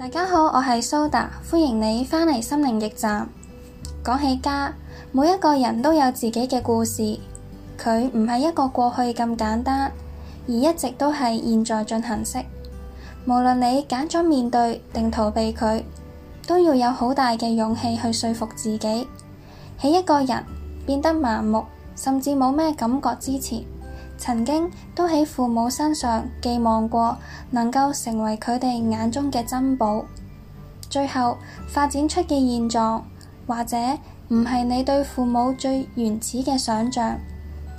大家好，我係蘇打，歡迎你返嚟心靈驛站。講起家，每一個人都有自己嘅故事，佢唔係一個過去咁簡單，而一直都係現在進行式。無論你揀咗面對定逃避佢，都要有好大嘅勇氣去說服自己。喺一個人變得麻木，甚至冇咩感覺之前。曾經都喺父母身上寄望過，能夠成為佢哋眼中嘅珍寶。最後發展出嘅現狀，或者唔係你對父母最原始嘅想象，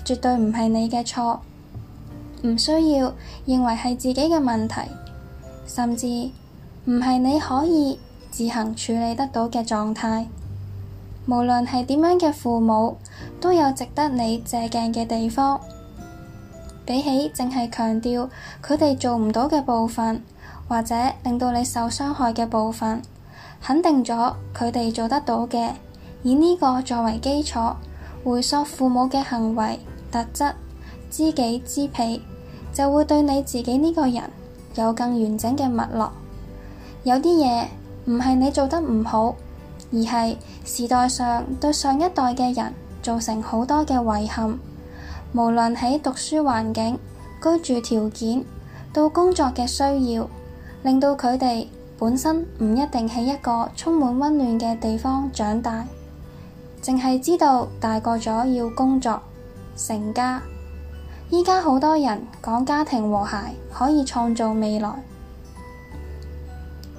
絕對唔係你嘅錯，唔需要認為係自己嘅問題，甚至唔係你可以自行處理得到嘅狀態。無論係點樣嘅父母，都有值得你借鏡嘅地方。比起淨係強調佢哋做唔到嘅部分，或者令到你受傷害嘅部分，肯定咗佢哋做得到嘅，以呢個作為基礎，回溯父母嘅行為特質、知己知彼，就會對你自己呢個人有更完整嘅脈絡。有啲嘢唔係你做得唔好，而係時代上對上一代嘅人造成好多嘅遺憾。無論喺讀書環境、居住條件，到工作嘅需要，令到佢哋本身唔一定喺一個充滿溫暖嘅地方長大，淨係知道大個咗要工作、成家。而家好多人講家庭和諧可以創造未來，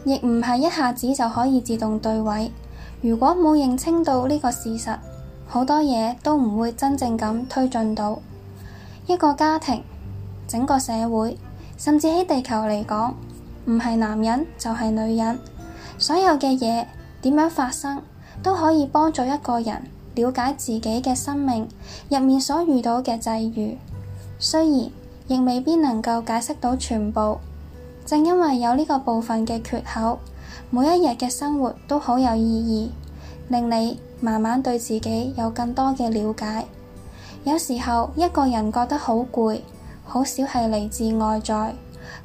亦唔係一下子就可以自動對位。如果冇認清到呢個事實，好多嘢都唔會真正咁推進到一個家庭、整個社會，甚至喺地球嚟講，唔係男人就係女人。所有嘅嘢點樣發生，都可以幫助一個人了解自己嘅生命入面所遇到嘅際遇。雖然亦未必能夠解釋到全部，正因為有呢個部分嘅缺口，每一日嘅生活都好有意義。令你慢慢對自己有更多嘅了解。有時候，一個人覺得好攰，好少係嚟自外在，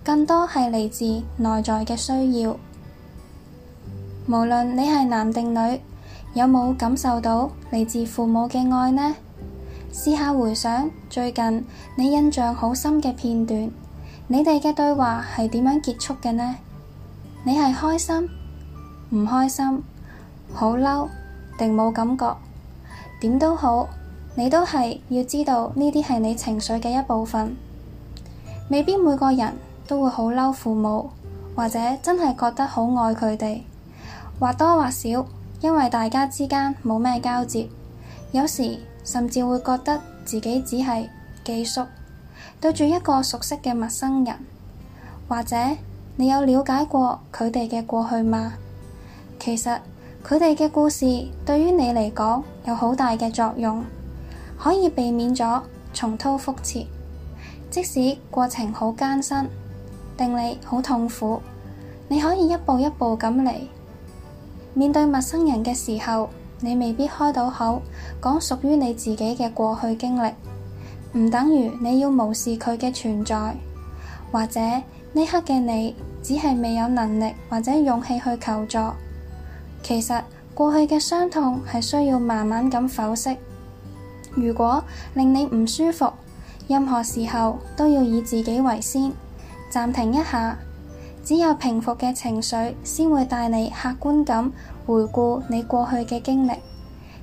更多係嚟自內在嘅需要。無論你係男定女，有冇感受到嚟自父母嘅愛呢？試下回想最近你印象好深嘅片段，你哋嘅對話係點樣結束嘅呢？你係開心，唔開心？好嬲定冇感覺？點都好，你都係要知道呢啲係你情緒嘅一部分。未必每個人都會好嬲父母，或者真係覺得好愛佢哋，或多或少，因為大家之間冇咩交接，有時甚至會覺得自己只係寄宿，對住一個熟悉嘅陌生人，或者你有了解過佢哋嘅過去嗎？其實。佢哋嘅故事對於你嚟講有好大嘅作用，可以避免咗重蹈覆轍。即使過程好艱辛，令你好痛苦，你可以一步一步咁嚟。面對陌生人嘅時候，你未必開到口講屬於你自己嘅過去經歷，唔等於你要無視佢嘅存在，或者呢刻嘅你只係未有能力或者勇氣去求助。其實過去嘅傷痛係需要慢慢咁剖析。如果令你唔舒服，任何時候都要以自己為先，暫停一下。只有平復嘅情緒，先會帶你客觀咁回顧你過去嘅經歷。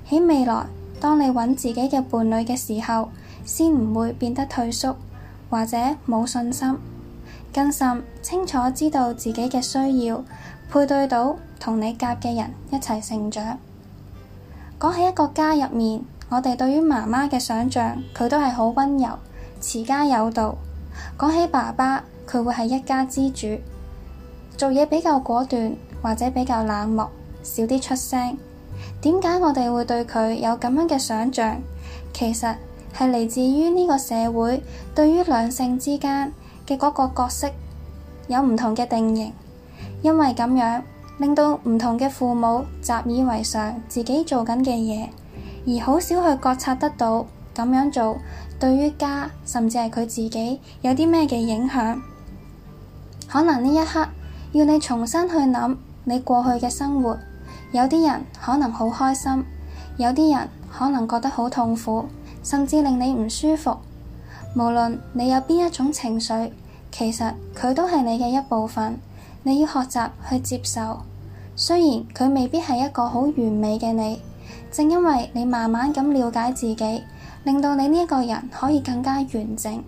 喺未來，當你揾自己嘅伴侶嘅時候，先唔會變得退縮或者冇信心。更甚清楚知道自己嘅需要，配對到。同你夾嘅人一齊成長。講起一個家入面，我哋對於媽媽嘅想象，佢都係好溫柔，持家有道。講起爸爸，佢會係一家之主，做嘢比較果斷，或者比較冷漠，少啲出聲。點解我哋會對佢有咁樣嘅想象？其實係嚟自於呢個社會對於兩性之間嘅嗰個角色有唔同嘅定型，因為咁樣。令到唔同嘅父母習以為常，自己做緊嘅嘢，而好少去覺察得到咁樣做對於家甚至係佢自己有啲咩嘅影響。可能呢一刻要你重新去諗你過去嘅生活，有啲人可能好開心，有啲人可能覺得好痛苦，甚至令你唔舒服。無論你有邊一種情緒，其實佢都係你嘅一部分。你要學習去接受，雖然佢未必係一個好完美嘅你，正因為你慢慢咁了解自己，令到你呢一個人可以更加完整。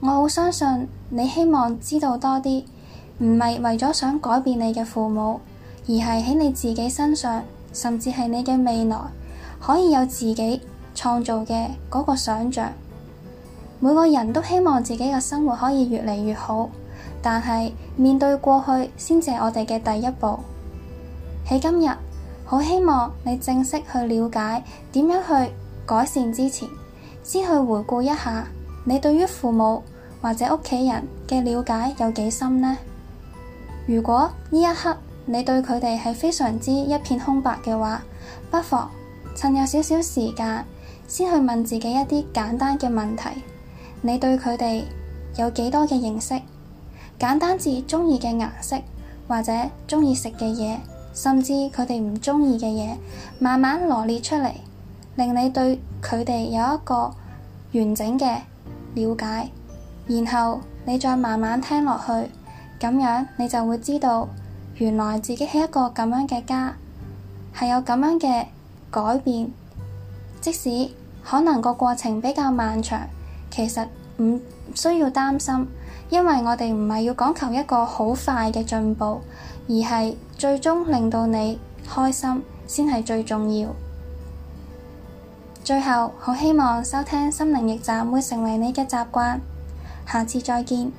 我好相信你希望知道多啲，唔係為咗想改變你嘅父母，而係喺你自己身上，甚至係你嘅未來，可以有自己創造嘅嗰個想象。每個人都希望自己嘅生活可以越嚟越好。但係面對過去，先至係我哋嘅第一步。喺今日，好希望你正式去了解點樣去改善之前，先去回顧一下你對於父母或者屋企人嘅了解有幾深呢？如果呢一刻你對佢哋係非常之一片空白嘅話，不妨趁有少少時間先去問自己一啲簡單嘅問題：你對佢哋有幾多嘅認識？簡單至鍾意嘅顏色，或者鍾意食嘅嘢，甚至佢哋唔鍾意嘅嘢，慢慢羅列出嚟，令你對佢哋有一個完整嘅了解。然後你再慢慢聽落去，咁樣你就會知道，原來自己係一個咁樣嘅家，係有咁樣嘅改變。即使可能個過程比較漫長，其實唔需要擔心。因為我哋唔係要講求一個好快嘅進步，而係最終令到你開心先係最重要。最後，好希望收聽心靈驛站會成為你嘅習慣。下次再見。